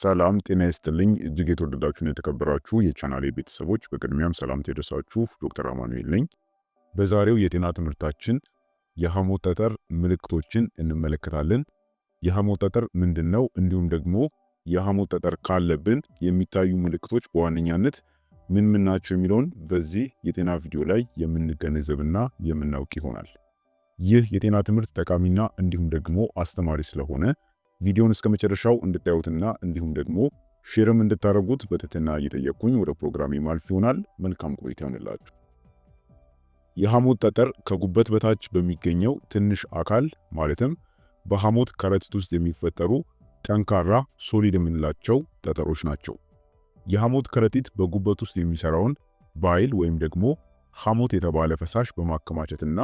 ሰላም ጤና ይስጥልኝ። እጅግ የተወደዳችሁን የተከበራችሁ የቻናሌ ቤተሰቦች በቅድሚያም ሰላም ይድረሳችሁ። ዶክተር አማኑኤል ነኝ። በዛሬው የጤና ትምህርታችን የሐሞት ጠጠር ምልክቶችን እንመለከታለን። የሐሞት ጠጠር ምንድን ነው? እንዲሁም ደግሞ የሐሞት ጠጠር ካለብን የሚታዩ ምልክቶች በዋነኛነት ምን ምን ናቸው የሚለውን በዚህ የጤና ቪዲዮ ላይ የምንገነዘብና የምናውቅ ይሆናል። ይህ የጤና ትምህርት ጠቃሚና እንዲሁም ደግሞ አስተማሪ ስለሆነ ቪዲዮን እስከ መጨረሻው እንድታዩትና እንዲሁም ደግሞ ሼርም እንድታደርጉት በትህትና እየጠየቅኩኝ ወደ ፕሮግራሜ ማልፍ ይሆናል። መልካም ቆይታ ይሆንላችሁ። የሐሞት ጠጠር ከጉበት በታች በሚገኘው ትንሽ አካል ማለትም በሐሞት ከረጢት ውስጥ የሚፈጠሩ ጠንካራ ሶሊድ የምንላቸው ጠጠሮች ናቸው። የሐሞት ከረጢት በጉበት ውስጥ የሚሰራውን ባይል ወይም ደግሞ ሐሞት የተባለ ፈሳሽ በማከማቸትና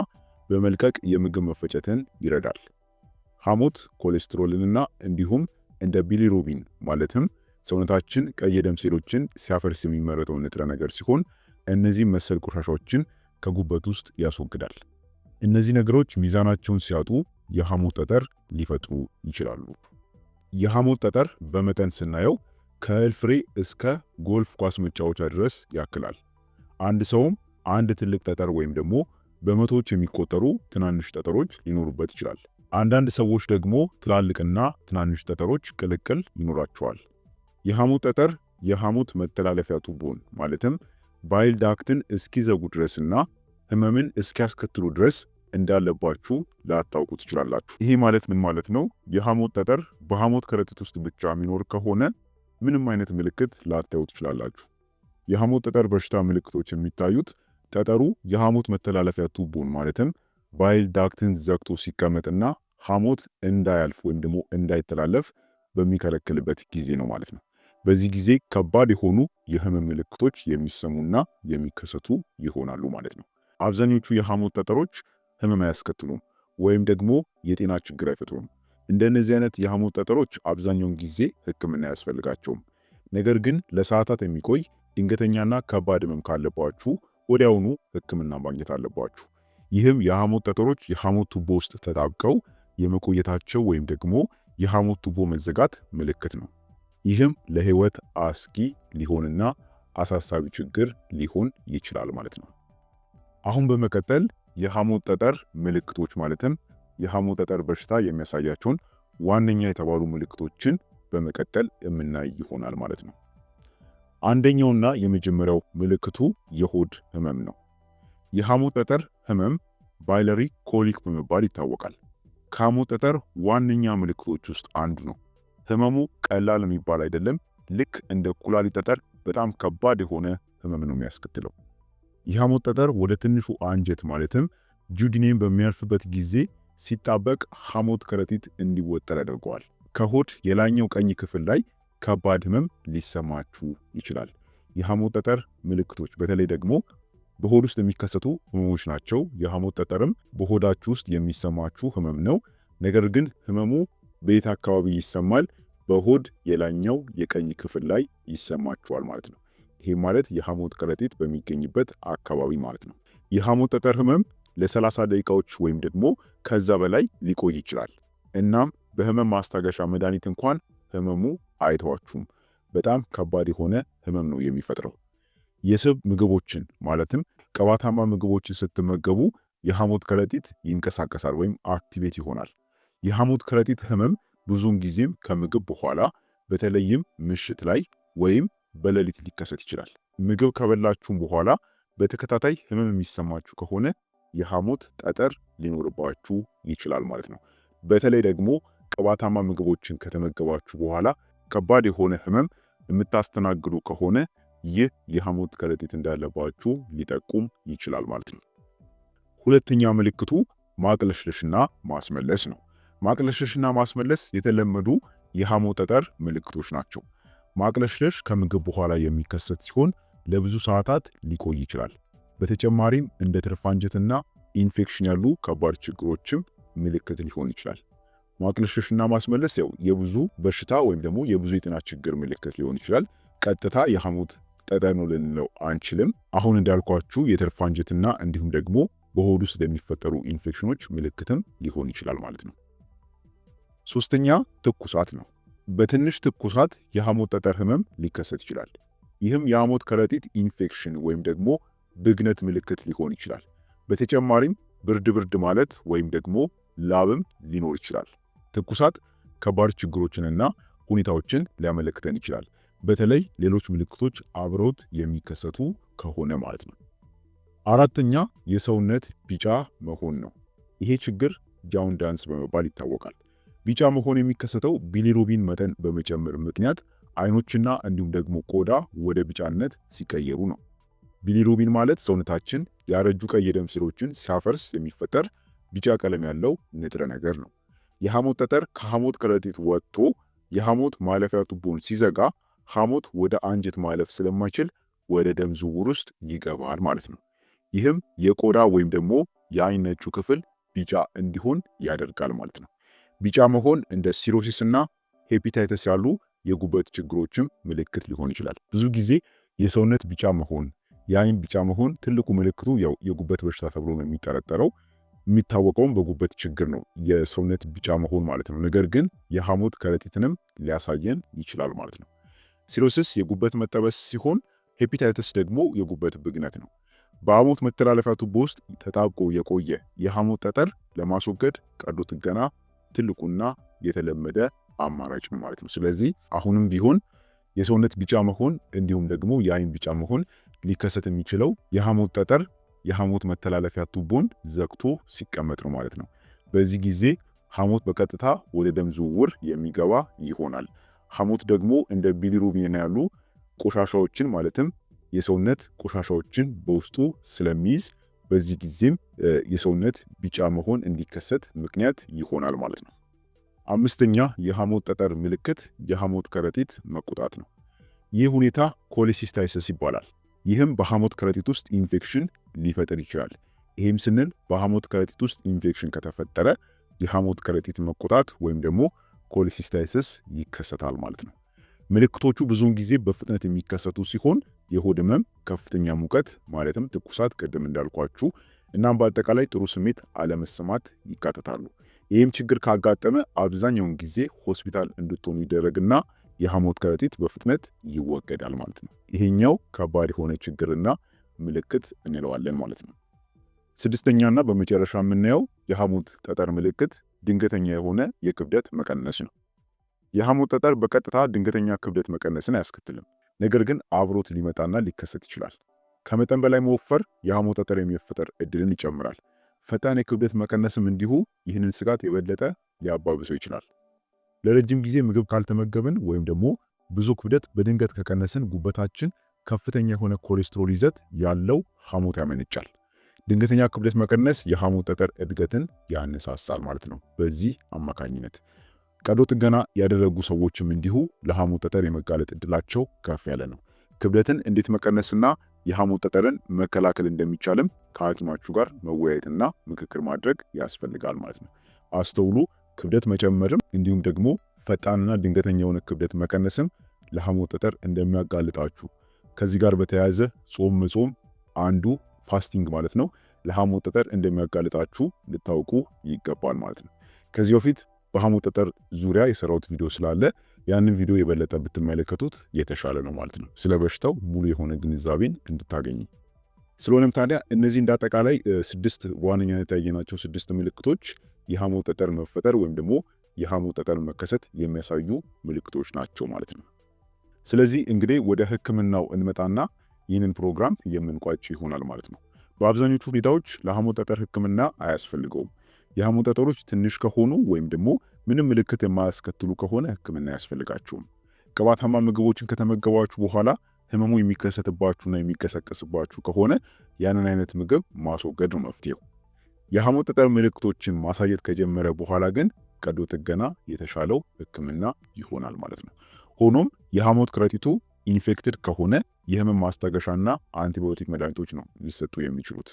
በመልቀቅ የምግብ መፈጨትን ይረዳል። ሐሞት ኮሌስትሮልንና እንዲሁም እንደ ቢሊሩቢን ማለትም ሰውነታችን ቀይ ደም ሴሎችን ሲያፈርስ የሚመረተው ንጥረ ነገር ሲሆን እነዚህ መሰል ቆሻሻዎችን ከጉበት ውስጥ ያስወግዳል። እነዚህ ነገሮች ሚዛናቸውን ሲያጡ የሐሞት ጠጠር ሊፈጥሩ ይችላሉ። የሐሞት ጠጠር በመጠን ስናየው ከእህል ፍሬ እስከ ጎልፍ ኳስ መጫወቻ ድረስ ያክላል። አንድ ሰውም አንድ ትልቅ ጠጠር ወይም ደግሞ በመቶዎች የሚቆጠሩ ትናንሽ ጠጠሮች ሊኖሩበት ይችላል። አንዳንድ ሰዎች ደግሞ ትላልቅና ትናንሽ ጠጠሮች ቅልቅል ይኖራቸዋል። የሐሞት ጠጠር የሐሞት መተላለፊያ ቱቦን ማለትም ባይል ዳክትን እስኪዘጉ ድረስና ህመምን እስኪያስከትሉ ድረስ እንዳለባችሁ ላታውቁ ትችላላችሁ። ይሄ ማለት ምን ማለት ነው? የሐሞት ጠጠር በሐሞት ከረጢት ውስጥ ብቻ የሚኖር ከሆነ ምንም አይነት ምልክት ላታዩ ትችላላችሁ። የሐሞት ጠጠር በሽታ ምልክቶች የሚታዩት ጠጠሩ የሐሞት መተላለፊያ ቱቦን ማለትም ባይል ዳክትን ዘግቶ ሲቀመጥና ሐሞት እንዳያልፍ ወይም ደግሞ እንዳይተላለፍ በሚከለክልበት ጊዜ ነው ማለት ነው። በዚህ ጊዜ ከባድ የሆኑ የህመም ምልክቶች የሚሰሙና የሚከሰቱ ይሆናሉ ማለት ነው። አብዛኞቹ የሐሞት ጠጠሮች ህመም አያስከትሉም ወይም ደግሞ የጤና ችግር አይፈጥሩም። እንደነዚህ አይነት የሐሞት ጠጠሮች አብዛኛውን ጊዜ ህክምና አያስፈልጋቸውም። ነገር ግን ለሰዓታት የሚቆይ ድንገተኛና ከባድ ህመም ካለባችሁ ወዲያውኑ ህክምና ማግኘት አለባችሁ። ይህም የሐሞት ጠጠሮች የሐሞት ቱቦ ውስጥ ተጣብቀው የመቆየታቸው ወይም ደግሞ የሐሞት ቱቦ መዘጋት ምልክት ነው። ይህም ለህይወት አስጊ ሊሆንና አሳሳቢ ችግር ሊሆን ይችላል ማለት ነው። አሁን በመቀጠል የሐሞት ጠጠር ምልክቶች ማለትም የሐሞት ጠጠር በሽታ የሚያሳያቸውን ዋነኛ የተባሉ ምልክቶችን በመቀጠል የምናይ ይሆናል ማለት ነው። አንደኛውና የመጀመሪያው ምልክቱ የሆድ ህመም ነው። የሐሞት ጠጠር ህመም ባይለሪ ኮሊክ በመባል ይታወቃል። ካሞ ጠጠር ዋነኛ ምልክቶች ውስጥ አንዱ ነው። ህመሙ ቀላል የሚባል አይደለም። ልክ እንደ ኩላሊት ጠጠር በጣም ከባድ የሆነ ህመም ነው የሚያስከትለው። የሐሞት ጠጠር ወደ ትንሹ አንጀት ማለትም ጁዲኔም በሚያልፍበት ጊዜ ሲጣበቅ ሐሞት ከረጢት እንዲወጠር ያደርገዋል። ከሆድ የላይኛው ቀኝ ክፍል ላይ ከባድ ህመም ሊሰማችሁ ይችላል። የሐሞት ጠጠር ምልክቶች በተለይ ደግሞ በሆድ ውስጥ የሚከሰቱ ህመሞች ናቸው። የሐሞት ጠጠርም በሆዳችሁ ውስጥ የሚሰማችሁ ህመም ነው። ነገር ግን ህመሙ በየት አካባቢ ይሰማል? በሆድ የላይኛው የቀኝ ክፍል ላይ ይሰማችኋል ማለት ነው። ይሄ ማለት የሐሞት ከረጢት በሚገኝበት አካባቢ ማለት ነው። የሐሞት ጠጠር ህመም ለ30 ደቂቃዎች ወይም ደግሞ ከዛ በላይ ሊቆይ ይችላል። እናም በህመም ማስታገሻ መድኃኒት እንኳን ህመሙ አይተዋችሁም። በጣም ከባድ የሆነ ህመም ነው የሚፈጥረው። የስብ ምግቦችን ማለትም ቅባታማ ምግቦችን ስትመገቡ የሐሞት ከረጢት ይንቀሳቀሳል ወይም አክቲቬት ይሆናል። የሐሞት ከረጢት ህመም ብዙውን ጊዜም ከምግብ በኋላ በተለይም ምሽት ላይ ወይም በሌሊት ሊከሰት ይችላል። ምግብ ከበላችሁም በኋላ በተከታታይ ህመም የሚሰማችሁ ከሆነ የሐሞት ጠጠር ሊኖርባችሁ ይችላል ማለት ነው። በተለይ ደግሞ ቅባታማ ምግቦችን ከተመገባችሁ በኋላ ከባድ የሆነ ህመም የምታስተናግዱ ከሆነ ይህ የሐሞት ከረጢት እንዳለባችሁ ሊጠቁም ይችላል ማለት ነው። ሁለተኛ ምልክቱ ማቅለሽለሽና ማስመለስ ነው። ማቅለሽለሽና ማስመለስ የተለመዱ የሐሞት ጠጠር ምልክቶች ናቸው። ማቅለሽለሽ ከምግብ በኋላ የሚከሰት ሲሆን ለብዙ ሰዓታት ሊቆይ ይችላል። በተጨማሪም እንደ ትርፍ አንጀትና ኢንፌክሽን ያሉ ከባድ ችግሮችም ምልክት ሊሆን ይችላል። ማቅለሽለሽና ማስመለስ ያው የብዙ በሽታ ወይም ደግሞ የብዙ የጤና ችግር ምልክት ሊሆን ይችላል። ቀጥታ የሐሞት ጠጠኑ ልንለው አንችልም። አሁን እንዳልኳችሁ የተርፋ አንጀትና እንዲሁም ደግሞ በሆድ ውስጥ ለሚፈጠሩ ኢንፌክሽኖች ምልክትም ሊሆን ይችላል ማለት ነው። ሶስተኛ ትኩሳት ነው። በትንሽ ትኩሳት የሐሞት ጠጠር ህመም ሊከሰት ይችላል። ይህም የሐሞት ከረጢት ኢንፌክሽን ወይም ደግሞ ብግነት ምልክት ሊሆን ይችላል። በተጨማሪም ብርድ ብርድ ማለት ወይም ደግሞ ላብም ሊኖር ይችላል። ትኩሳት ከባድ ችግሮችንና ሁኔታዎችን ሊያመለክተን ይችላል። በተለይ ሌሎች ምልክቶች አብረውት የሚከሰቱ ከሆነ ማለት ነው። አራተኛ የሰውነት ቢጫ መሆን ነው። ይሄ ችግር ጃውን ዳንስ በመባል ይታወቃል። ቢጫ መሆን የሚከሰተው ቢሊሩቢን መጠን በመጨመር ምክንያት አይኖችና እንዲሁም ደግሞ ቆዳ ወደ ቢጫነት ሲቀየሩ ነው። ቢሊሩቢን ማለት ሰውነታችን ያረጁ ቀይ የደም ሴሎችን ሲያፈርስ የሚፈጠር ቢጫ ቀለም ያለው ንጥረ ነገር ነው። የሐሞት ጠጠር ከሐሞት ከረጢት ወጥቶ የሐሞት ማለፊያ ቱቦን ሲዘጋ ሐሞት ወደ አንጀት ማለፍ ስለማይችል ወደ ደም ዝውውር ውስጥ ይገባል ማለት ነው። ይህም የቆዳ ወይም ደግሞ የአይን ነጩ ክፍል ቢጫ እንዲሆን ያደርጋል ማለት ነው። ቢጫ መሆን እንደ ሲሮሲስ እና ሄፒታይተስ ያሉ የጉበት ችግሮችም ምልክት ሊሆን ይችላል። ብዙ ጊዜ የሰውነት ቢጫ መሆን፣ የአይን ቢጫ መሆን ትልቁ ምልክቱ ያው የጉበት በሽታ ተብሎ ነው የሚጠረጠረው። የሚታወቀውም በጉበት ችግር ነው የሰውነት ቢጫ መሆን ማለት ነው። ነገር ግን የሐሞት ከረጢትንም ሊያሳየን ይችላል ማለት ነው። ሲሮሲስ የጉበት መጠበስ ሲሆን ሄፒታይተስ ደግሞ የጉበት ብግነት ነው። በሐሞት መተላለፊያ ቱቦ ውስጥ ተጣብቆ የቆየ የሐሞት ጠጠር ለማስወገድ ቀዶ ጥገና ትልቁና የተለመደ አማራጭ ነው ማለት ነው። ስለዚህ አሁንም ቢሆን የሰውነት ቢጫ መሆን እንዲሁም ደግሞ የአይን ቢጫ መሆን ሊከሰት የሚችለው የሐሞት ጠጠር የሐሞት መተላለፊያ ቱቦን ዘግቶ ሲቀመጥ ነው ማለት ነው። በዚህ ጊዜ ሐሞት በቀጥታ ወደ ደም ዝውውር የሚገባ ይሆናል። ሐሞት ደግሞ እንደ ቢሊሩቢን ያሉ ቆሻሻዎችን ማለትም የሰውነት ቆሻሻዎችን በውስጡ ስለሚይዝ በዚህ ጊዜም የሰውነት ቢጫ መሆን እንዲከሰት ምክንያት ይሆናል ማለት ነው። አምስተኛ የሐሞት ጠጠር ምልክት የሐሞት ከረጢት መቆጣት ነው። ይህ ሁኔታ ኮሌሲስታይሰስ ይባላል። ይህም በሐሞት ከረጢት ውስጥ ኢንፌክሽን ሊፈጥር ይችላል። ይህም ስንል በሐሞት ከረጢት ውስጥ ኢንፌክሽን ከተፈጠረ የሐሞት ከረጢት መቆጣት ወይም ደግሞ ኮሊሲስታይሲስ ይከሰታል ማለት ነው። ምልክቶቹ ብዙውን ጊዜ በፍጥነት የሚከሰቱ ሲሆን የሆድ ህመም፣ ከፍተኛ ሙቀት ማለትም ትኩሳት፣ ቅድም እንዳልኳችሁ እናም በአጠቃላይ ጥሩ ስሜት አለመሰማት ይካተታሉ። ይህም ችግር ካጋጠመ አብዛኛውን ጊዜ ሆስፒታል እንድትሆኑ ይደረግና የሐሞት ከረጢት በፍጥነት ይወገዳል ማለት ነው። ይሄኛው ከባድ የሆነ ችግርና ምልክት እንለዋለን ማለት ነው። ስድስተኛና በመጨረሻ የምናየው የሐሞት ጠጠር ምልክት ድንገተኛ የሆነ የክብደት መቀነስ ነው። የሐሞት ጠጠር በቀጥታ ድንገተኛ ክብደት መቀነስን አያስከትልም፣ ነገር ግን አብሮት ሊመጣና ሊከሰት ይችላል። ከመጠን በላይ መወፈር የሐሞት ጠጠር የሚፈጠር እድልን ይጨምራል። ፈጣን የክብደት መቀነስም እንዲሁ ይህንን ስጋት የበለጠ ሊያባብሰው ይችላል። ለረጅም ጊዜ ምግብ ካልተመገብን ወይም ደግሞ ብዙ ክብደት በድንገት ከቀነስን ጉበታችን ከፍተኛ የሆነ ኮሌስትሮል ይዘት ያለው ሐሞት ያመነጫል። ድንገተኛ ክብደት መቀነስ የሃሙ ጠጠር እድገትን ያነሳሳል ማለት ነው። በዚህ አማካኝነት ቀዶ ጥገና ያደረጉ ሰዎችም እንዲሁ ለሃሙ ጠጠር የመጋለጥ እድላቸው ከፍ ያለ ነው። ክብደትን እንዴት መቀነስና የሃሙ ጠጠርን መከላከል እንደሚቻልም ከሐኪማችሁ ጋር መወያየትና ምክክር ማድረግ ያስፈልጋል ማለት ነው። አስተውሉ፣ ክብደት መጨመርም እንዲሁም ደግሞ ፈጣንና ድንገተኛ የሆነ ክብደት መቀነስም ለሃሙ ጠጠር እንደሚያጋልጣችሁ ከዚህ ጋር በተያያዘ ጾም መጾም አንዱ ፋስቲንግ ማለት ነው ለሐሞት ጠጠር እንደሚያጋልጣችሁ ልታውቁ ይገባል ማለት ነው። ከዚህ በፊት በሐሞት ጠጠር ዙሪያ የሰራሁት ቪዲዮ ስላለ ያንን ቪዲዮ የበለጠ ብትመለከቱት የተሻለ ነው ማለት ነው፣ ስለ በሽታው ሙሉ የሆነ ግንዛቤን እንድታገኝ ስለሆነም ታዲያ እነዚህ እንደ አጠቃላይ ስድስት በዋነኛነት ያየናቸው ስድስት ምልክቶች የሐሞት ጠጠር መፈጠር ወይም ደግሞ የሐሞት ጠጠር መከሰት የሚያሳዩ ምልክቶች ናቸው ማለት ነው። ስለዚህ እንግዲህ ወደ ህክምናው እንመጣና ይህንን ፕሮግራም የምንቋጭ ይሆናል ማለት ነው። በአብዛኞቹ ሁኔታዎች ለሐሞት ጠጠር ህክምና አያስፈልገውም። የሐሞት ጠጠሮች ትንሽ ከሆኑ ወይም ደግሞ ምንም ምልክት የማያስከትሉ ከሆነ ህክምና አያስፈልጋችሁም። ቅባታማ ምግቦችን ከተመገባችሁ በኋላ ህመሙ የሚከሰትባችሁና የሚቀሰቀስባችሁ ከሆነ ያንን አይነት ምግብ ማስወገድ ነው መፍትሄው። የሐሞት ጠጠር ምልክቶችን ማሳየት ከጀመረ በኋላ ግን ቀዶ ጥገና የተሻለው ህክምና ይሆናል ማለት ነው። ሆኖም የሐሞት ከረጢቱ ኢንፌክትድ ከሆነ የህመም ማስታገሻና አንቲባዮቲክ መድኃኒቶች ነው ሊሰጡ የሚችሉት።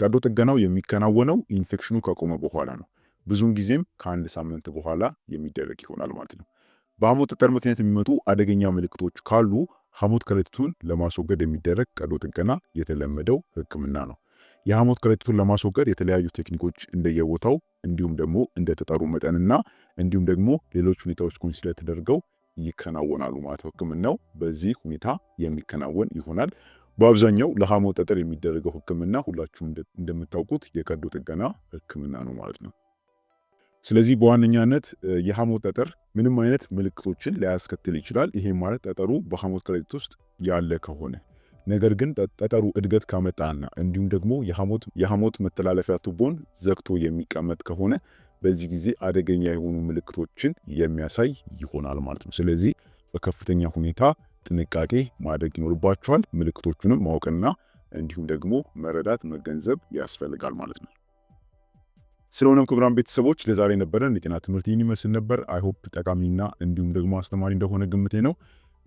ቀዶ ጥገናው የሚከናወነው ኢንፌክሽኑ ከቆመ በኋላ ነው። ብዙውን ጊዜም ከአንድ ሳምንት በኋላ የሚደረግ ይሆናል ማለት ነው። በሐሞት ጠጠር ምክንያት የሚመጡ አደገኛ ምልክቶች ካሉ ሐሞት ከረጢቱን ለማስወገድ የሚደረግ ቀዶ ጥገና የተለመደው ህክምና ነው። የሐሞት ከረጢቱን ለማስወገድ የተለያዩ ቴክኒኮች እንደየቦታው እንዲሁም ደግሞ እንደተጠሩ መጠንና እንዲሁም ደግሞ ሌሎች ሁኔታዎች ኮንሲደር ተደርገው ይከናወናሉ ማለት ነው። ህክምናው በዚህ ሁኔታ የሚከናወን ይሆናል። በአብዛኛው ለሐሞት ጠጠር የሚደረገው ህክምና ሁላችሁም እንደምታውቁት የቀዶ ጥገና ህክምና ነው ማለት ነው። ስለዚህ በዋነኛነት የሐሞት ጠጠር ምንም አይነት ምልክቶችን ሊያስከትል ይችላል። ይሄ ማለት ጠጠሩ በሐሞት ከረጢት ውስጥ ያለ ከሆነ ነገር ግን ጠጠሩ እድገት ካመጣና እንዲሁም ደግሞ የሐሞት መተላለፊያ ቱቦን ዘግቶ የሚቀመጥ ከሆነ በዚህ ጊዜ አደገኛ የሆኑ ምልክቶችን የሚያሳይ ይሆናል ማለት ነው። ስለዚህ በከፍተኛ ሁኔታ ጥንቃቄ ማድረግ ይኖርባቸዋል። ምልክቶቹንም ማወቅና እንዲሁም ደግሞ መረዳት መገንዘብ ያስፈልጋል ማለት ነው። ስለሆነም ክቡራን ቤተሰቦች ለዛሬ ነበረን የጤና ትምህርት ይህን ይመስል ነበር። አይሆፕ ጠቃሚና እንዲሁም ደግሞ አስተማሪ እንደሆነ ግምቴ ነው።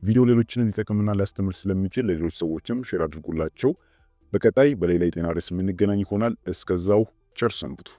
ቪዲዮ ሌሎችንም ሊጠቅምና ሊያስተምር ስለሚችል ለሌሎች ሰዎችም ሼር አድርጉላቸው። በቀጣይ በሌላ የጤና ርዕስ የምንገናኝ ይሆናል። እስከዛው ቸር ሰንብቱ።